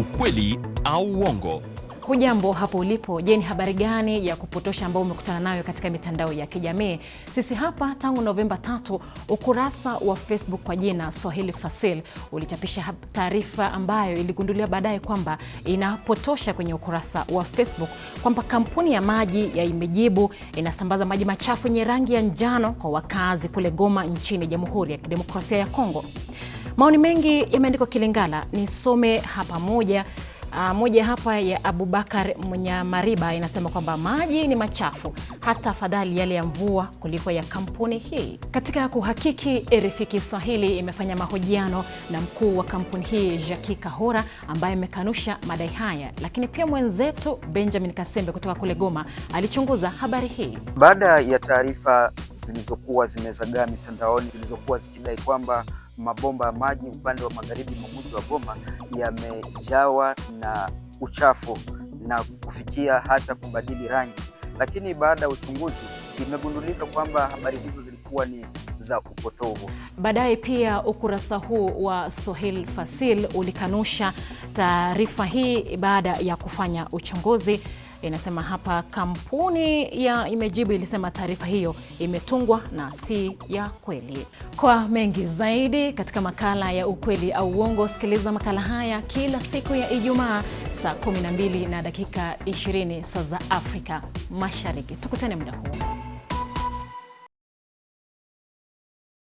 ukweli au uongo. Hujambo hapo ulipo. Je, ni habari gani ya kupotosha ambayo umekutana nayo katika mitandao ya kijamii? Sisi hapa tangu Novemba tatu, ukurasa wa Facebook kwa jina Swahili Fasil ulichapisha taarifa ambayo iligunduliwa baadaye kwamba inapotosha kwenye ukurasa wa Facebook kwamba kampuni ya maji ya Imejibu inasambaza maji machafu yenye rangi ya njano kwa wakazi kule Goma nchini Jamhuri ya Kidemokrasia ya Kongo. Maoni mengi yameandikwa Kilingala, nisome hapa moja Uh, moja hapa ya Abubakar Mnyamariba inasema kwamba maji ni machafu, hata afadhali yale ya mvua kuliko ya kampuni hii. Katika kuhakiki, RFI Kiswahili imefanya mahojiano na mkuu wa kampuni hii jaki Kahora ambaye amekanusha madai haya, lakini pia mwenzetu Benjamin Kasembe kutoka kule Goma alichunguza habari hii baada ya taarifa zilizokuwa zimezagaa mitandaoni zilizokuwa zikidai kwamba mabomba ya maji upande wa magharibi mwa mji wa Goma yamejawa na uchafu na kufikia hata kubadili rangi, lakini baada ya uchunguzi imegundulika kwamba habari hizo zilikuwa ni za upotovu. Baadaye pia ukurasa huu wa Sohil Fasil ulikanusha taarifa hii baada ya kufanya uchunguzi inasema hapa, kampuni ya imejibu ilisema taarifa hiyo imetungwa na si ya kweli. Kwa mengi zaidi katika makala ya ukweli au uongo, sikiliza makala haya kila siku ya Ijumaa saa 12 na dakika 20 saa za Afrika Mashariki. Tukutane muda huo.